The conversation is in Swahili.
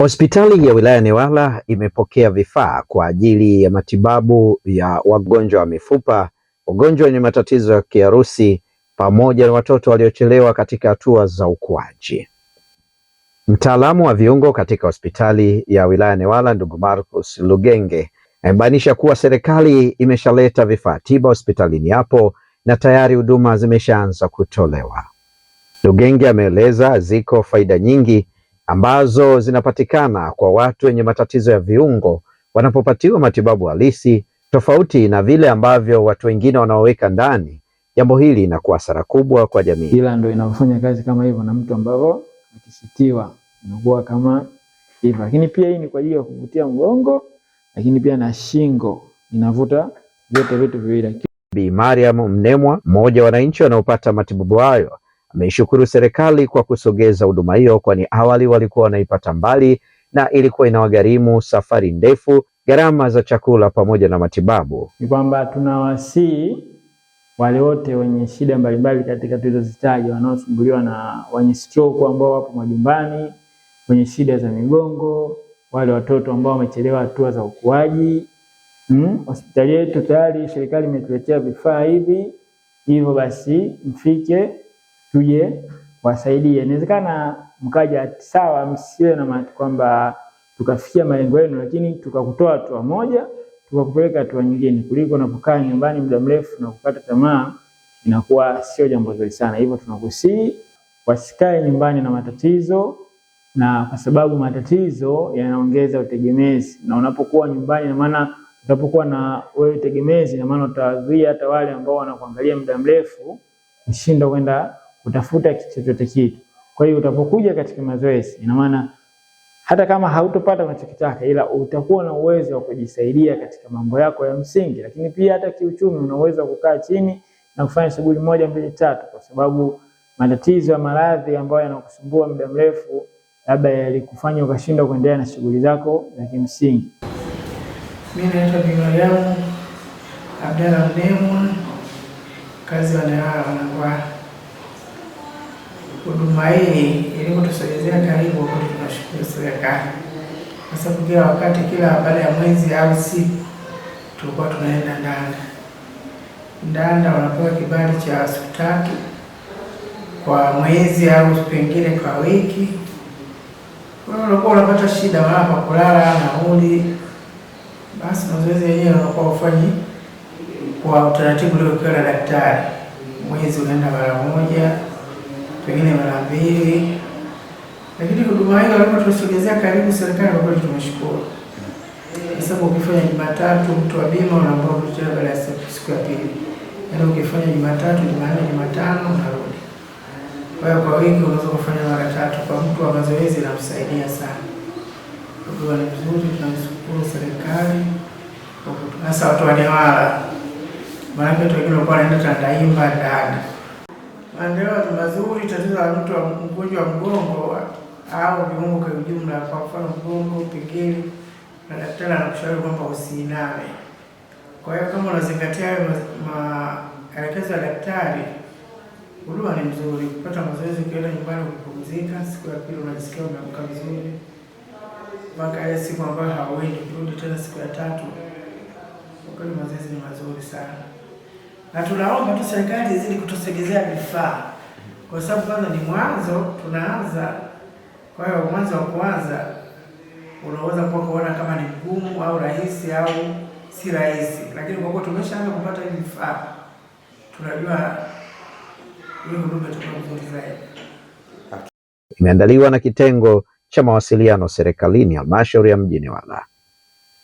Hospitali ya wilaya Newala imepokea vifaa kwa ajili ya matibabu ya wagonjwa wa mifupa, wagonjwa wenye matatizo ya kiharusi pamoja na watoto waliochelewa katika hatua za ukuaji. Mtaalamu wa viungo katika hospitali ya wilaya Newala, ndugu Marcus Lugenge, amebainisha kuwa serikali imeshaleta vifaa tiba hospitalini hapo na tayari huduma zimeshaanza kutolewa. Lugenge ameeleza ziko faida nyingi ambazo zinapatikana kwa watu wenye matatizo ya viungo wanapopatiwa matibabu halisi, tofauti na vile ambavyo watu wengine wanaoweka ndani. Jambo hili inakuwa hasara kubwa kwa jamii, ila ndo inafanya kazi kama hivyo, na mtu ambavyo akisitiwa inakuwa kama hivyo. Lakini pia hii ni kwa ajili ya kuvutia mgongo, lakini pia na shingo inavuta vyote vitu viwili. Bi Mariam Mnemwa, mmoja wa wananchi wanaopata matibabu hayo Ameishukuru serikali kwa kusogeza huduma hiyo, kwani awali walikuwa wanaipata mbali na ilikuwa inawagharimu safari ndefu, gharama za chakula pamoja na matibabu. Ni kwamba tunawasihi wale wote wenye shida mbalimbali katika tulizozitaja, wanaosumbuliwa na wenye stroke ambao wapo majumbani, wenye shida za migongo, wale watoto ambao wamechelewa hatua za ukuaji hmm. Hospitali yetu tayari serikali imetuletea vifaa hivi, hivyo basi mfike tuje wasaidie. Inawezekana mkaja sawa, msiwe na maana kwamba tukafikia malengo yenu, lakini tukakutoa hatua moja tukakupeleka hatua nyingine, kuliko unapokaa nyumbani muda mrefu na kukata tamaa, inakuwa sio jambo zuri sana. Hivyo tunakusii wasikae nyumbani na matatizo, na kwa sababu matatizo yanaongeza utegemezi, na unapokuwa nyumbani, na maana utapokuwa na wewe utegemezi, na maana utawazuia hata wale ambao wanakuangalia muda mrefu kushinda kwenda utafuta chochote kitu. Kwa hiyo utapokuja katika mazoezi, ina maana hata kama hautopata unachokitaka, ila utakuwa na uwezo wa kujisaidia katika mambo yako ya msingi, lakini pia hata kiuchumi una uwezo wa kukaa chini na kufanya shughuli moja mbili tatu, kwa sababu matatizo ya maradhi ambayo yanakusumbua muda mrefu labda yalikufanya ukashindwa kuendelea na shughuli zako za kimsingi. Mimi naitwa Binadamu Abdalla Mdemwa, mkazi wa Dara Wanakwaya huduma hii ilivyotusogezea karibu kote, tunashukuru serikali kwa sababu kila wakati, kila baada ya mwezi au siku tulikuwa tunaenda Ndanda. Ndanda wanapewa kibali cha siku tatu kwa mwezi au pengine kwa wiki. Kwa hiyo unakuwa unapata shida, maana kwa kulala, nauli, basi mazoezi yenyewe unakuwa ufanyi kwa utaratibu uliopewa na daktari. Mwezi unaenda mara moja pengine mara mbili, lakini huduma hii lazima tunasogezea karibu serikali. Kwa kweli tumeshukuru, kwa sababu ukifanya Jumatatu mtu wa bima unaambao kuchelewa baada ya siku ya pili, yaani ukifanya Jumatatu, Jumanne, Jumatano unarudi. Kwa hiyo kwa wingi unaweza kufanya mara tatu. Kwa mtu wa mazoezi inamsaidia sana, huduma ni nzuri. Tunashukuru serikali, hasa watu wa Newala, maanake watu wengine walikuwa wanaenda Tandahimba ndani maendeleo ni mazuri. Tatizo la mtu wa mgonjwa wa mgongo au viungo kwa ujumla, kwa mfano mgongo, pingili, na daktari anakushauri kwamba usinawe. Kwa hiyo kama unazingatia hayo maelekezo ya daktari, huduma ni mzuri, kupata mazoezi, ukienda nyumbani kupumzika, siku ya pili unajisikia umeamka vizuri, mpaka ile siku ambayo hauendi kurudi tena siku ya tatu. Kwa kweli mazoezi ni mazuri sana na tunaomba tu serikali izidi kutusegezea vifaa, kwa sababu kwanza ni mwanzo, tunaanza. Kwa hiyo mwanzo wa kuanza unaweza kuwa kuona kama ni mgumu au rahisi au si rahisi, lakini kwa kuwa tumeshaanza kupata hivi vifaa, tunajua hiyo huduma itakuwa nzuri zaidi. Imeandaliwa na kitengo cha mawasiliano serikalini halmashauri ya mjini Newala.